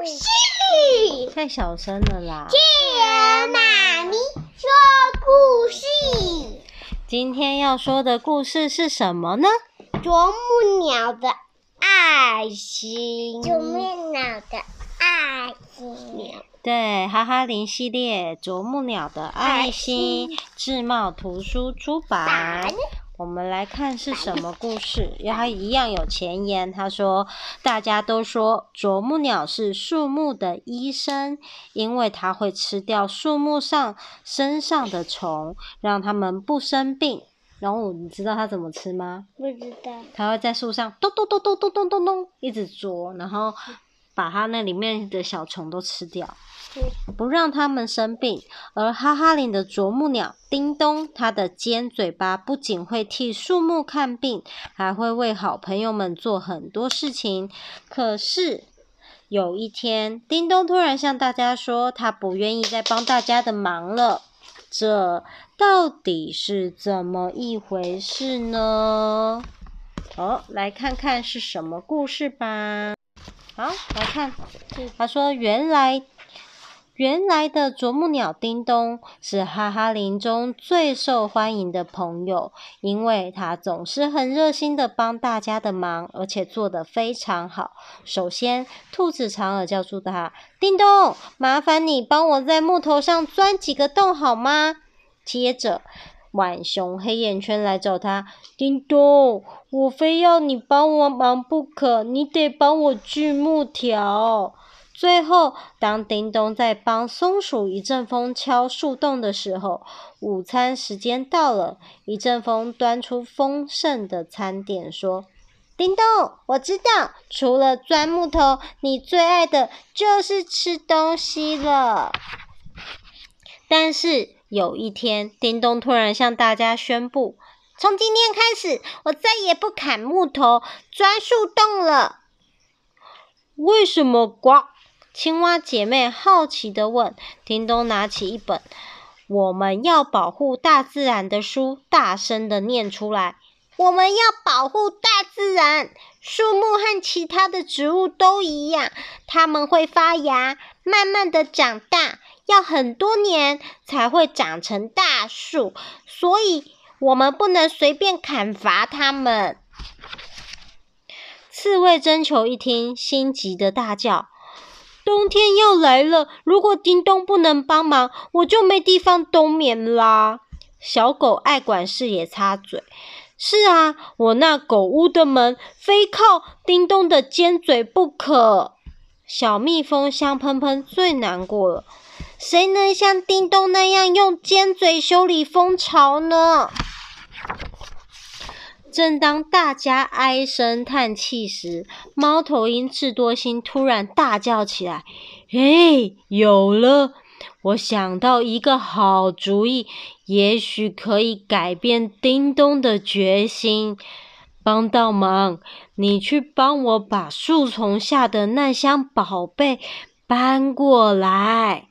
故事太小聲了啦！巨人媽咪說故事。今天要說的故事是什麼呢？啄木鳥的愛心。啄木鳥的愛心。對，哈哈林系列《啄木鳥的愛心》，哈哈心心智茂圖書出版。版我們來看是什麼故事，它一樣有前言。他說，大家都說啄木鳥是樹木的醫生，因為它會吃掉樹木上身上的蟲，讓它們不生病。然後你知道它怎麼吃嗎？不知道。它會在樹上咚咚咚咚咚咚咚咚一直啄，然後。把它那裡面的小蟲都吃掉，不讓他們生病。而哈哈林的啄木鳥叮咚，它的尖嘴巴不僅會替樹木看病，還會為好朋友們做很多事情。可是有一天，叮咚突然向大家說，他不願意再幫大家的忙了。這到底是怎麼一回事呢？哦，來看看是什麼故事吧。好，來看。他說：“原來，原來的啄木鳥叮咚是哈哈林中最受歡迎的朋友，因為他總是很熱心的幫大家的忙，而且做得非常好。首先，兔子長耳叫住他：‘叮咚，麻煩你幫我在木頭上鑽幾個洞好嗎？’接着。”浣熊黑眼圈來找他，叮咚，我非要你幫我忙不可，你得幫我鋸木條。最後，當叮咚在幫松鼠一陣風敲樹洞的時候，午餐時間到了，一陣風端出豐盛的餐點，說：“叮咚，我知道，除了鑽木頭，你最愛的就是吃東西了。但是。”有一天，叮咚突然向大家宣布：“從今天開始，我再也不砍木頭、鑽樹洞了。”為什麼？呱！青蛙姐妹好奇地問。叮咚拿起一本《我們要保護大自然》的書，大聲地念出來：“我們要保護大自然，樹木和其他的植物都一樣，它們會發芽，慢慢地長大。”要很多年才會長成大樹，所以我們不能隨便砍伐它們。刺蝟針球一聽，心急的大叫：“冬天要來了，如果叮咚不能幫忙，我就沒地方冬眠啦！”小狗愛管事也插嘴：“是啊，我那狗屋的門非靠叮咚的尖嘴不可。”小蜜蜂香噴噴噴最難過了。誰能像叮咚那樣用尖嘴修理蜂巢呢？正當大家唉聲嘆氣時，貓頭鷹智多星突然大叫起來：“嘿，有了！我想到一個好主意，也許可以改變叮咚的決心。幫到忙，你去幫我把樹叢下的那箱寶貝搬過來。”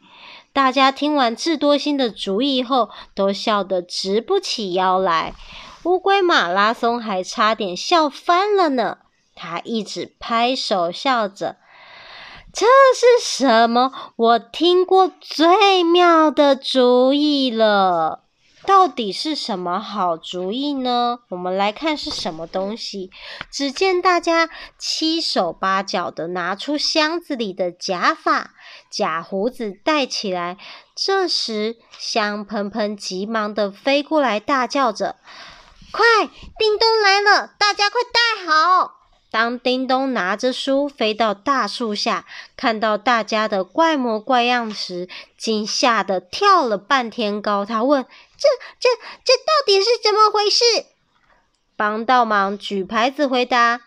大家聽完智多星的主意後，都笑得直不起腰來。烏龜馬拉松還差點笑翻了呢，他一直拍手笑着：“這是什麼？我聽過最妙的主意了！”到底是什麼好主意呢？我們來看是什麼東西。只見大家七手八腳的拿出箱子裡的假髮、假鬍子戴起來。這時，香噴噴急忙的飛過來，大叫着：“快，叮咚來了！大家快戴好！”當叮咚拿着書飛到大樹下，看到大家的怪模怪樣時，驚嚇得跳了半天高。他問：“這、這、這到底是怎麼回事？”幫倒忙舉牌子回答：“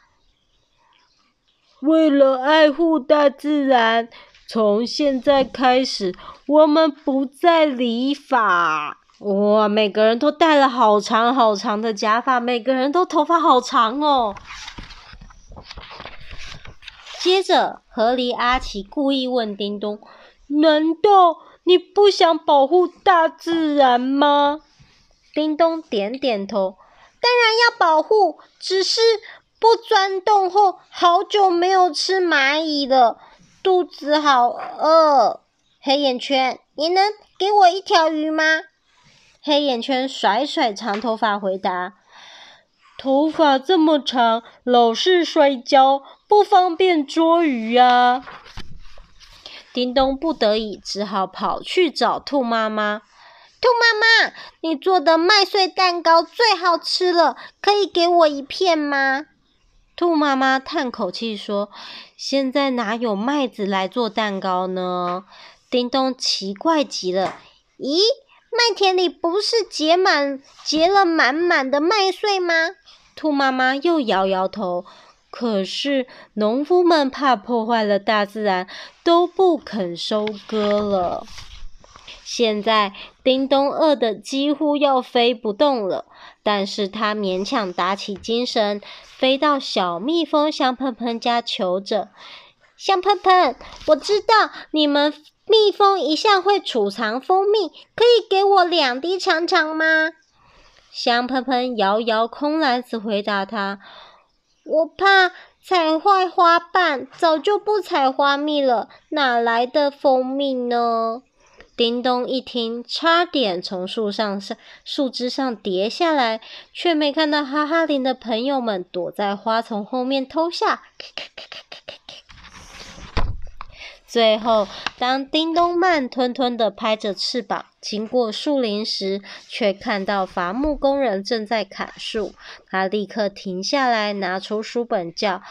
為了愛護大自然，從現在開始，我們不再理髮。”哇，每個人都戴了好長好長的假髮，每個人都頭髮好長哦。接着，河狸阿奇故意問叮咚：“難道你不想保護大自然嗎？”叮咚點點頭：“當然要保護，只是不鑽洞後好久沒有吃螞蟻了，肚子好餓。”黑眼圈：“你能給我一條魚嗎？”黑眼圈甩甩長頭髮回答。頭髮這麼長，老是摔跤，不方便捉魚呀。叮咚不得已，只好跑去找兔媽媽。兔媽媽，你做的麥穗蛋糕最好吃了，可以給我一片嗎？兔媽媽嘆口氣說：“現在哪有麥子來做蛋糕呢？”叮咚奇怪極了，咦，麥田裡不是結滿結了滿滿的麥穗嗎？兔媽媽又搖搖頭，可是農夫們怕破壞了大自然，都不肯收割了。現在叮咚餓得幾乎要飛不動了，但是他勉強打起精神，飛到小蜜蜂香噴噴家求着：“香噴噴，我知道你們蜜蜂一向會儲藏蜂蜜，可以給我兩滴嘗嘗嗎？”香噴噴搖搖空籃子回答他：“我怕踩壞花瓣，早就不採花蜜了，哪來的蜂蜜呢？”叮咚一聽，差點從樹上上樹枝上跌下來，卻沒看到哈哈林的朋友們躲在花叢後面偷笑。最後，當叮咚慢吞吞的拍着翅膀經過樹林時，卻看到伐木工人正在砍樹。他立刻停下來，拿出書本叫：“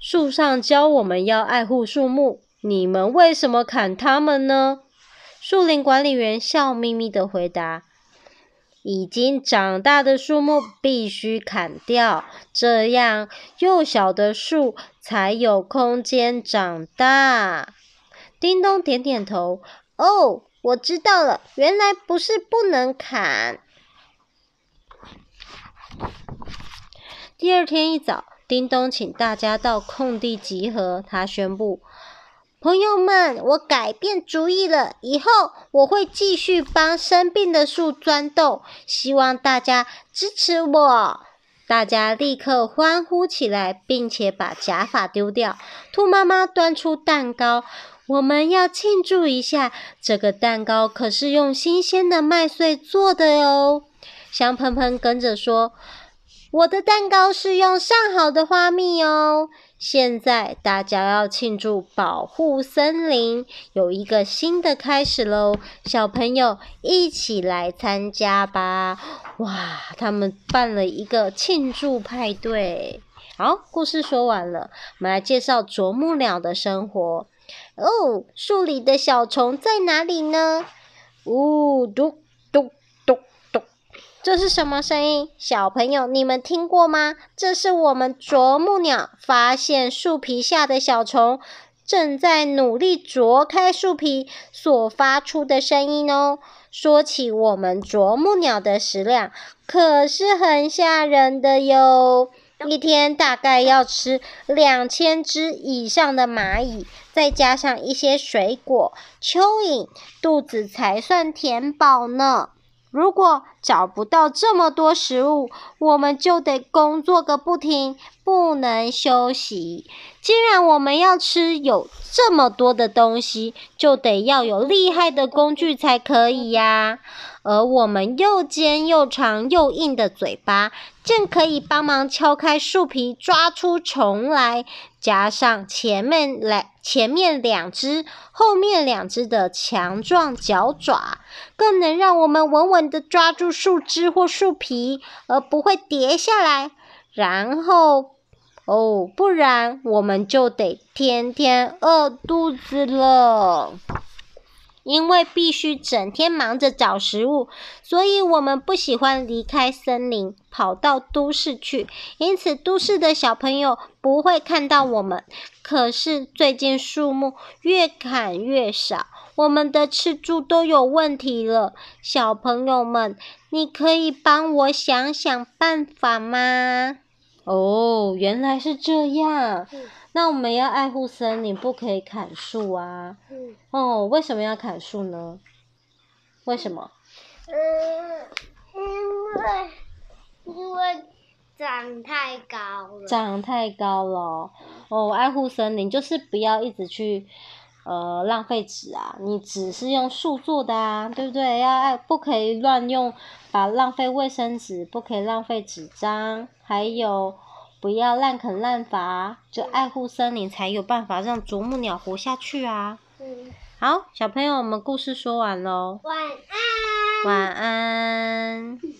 樹上教我們要愛護樹木，你們為什麼砍它們呢？”樹林管理員笑眯眯地回答：“已經長大的樹木必須砍掉，這樣幼小的樹才有空間長大。”叮咚點點頭。哦，我知道了，原來不是不能砍。第二天一早，叮咚請大家到空地集合。他宣布：“朋友們，我改變主意了，以後我會繼續幫生病的樹鑽洞，希望大家支持我。”大家立刻歡呼起來，並且把假髮丟掉。兔媽媽端出蛋糕，我們要慶祝一下。這個蛋糕可是用新鮮的麥穗做的喲，香噴噴跟着說。我的蛋糕是用上好的花蜜哦。現在大家要慶祝保護森林有一個新的開始嘍！小朋友一起來參加吧！哇，他們辦了一個慶祝派對。好，故事說完了，我們來介紹啄木鳥的生活哦。樹裡的小蟲在哪裡呢？嗚、哦，嘟。這是什麼聲音？小朋友，你們聽過嗎？這是我們啄木鳥發現樹皮下的小蟲，正在努力啄開樹皮所發出的聲音哦。說起我們啄木鳥的食量，可是很嚇人的喲。一天大概要吃兩千隻以上的螞蟻，再加上一些水果、蚯蚓，肚子才算填飽呢。如果找不到這麼多食物，我們就得工作個不停，不能休息。既然我們要吃有這麼多的東西，就得要有厲害的工具才可以呀、啊。而我們又尖又長又硬的嘴巴，正可以幫忙敲開樹皮，抓出蟲來，加上前面來。前面兩隻，後面兩隻的強壯腳爪，更能讓我們穩穩的抓住樹枝或樹皮，而不會跌下來。然後，哦，不然我們就得天天餓肚子了。因為必須整天忙着找食物，所以我們不喜歡離開森林，跑到都市去。因此，都市的小朋友不會看到我們。可是最近樹木越砍越少，我們的吃住都有問題了。小朋友們，你可以幫我想想辦法嗎？哦，原來是這樣。那我們要愛護森林，不可以砍樹啊！哦，為什麼要砍樹呢？為什麼？嗯，因為因為長太高了。長太高了，哦，愛護森林就是不要一直去，呃，浪費紙啊！你紙是用樹做的啊，對不對？要愛，不可以亂用，把浪費衛生紙，不可以浪費紙張，還有。不要濫砍濫伐，就愛護森林，才有辦法讓啄木鳥活下去啊！嗯、好，小朋友，我們故事說完了，晚安，晚安。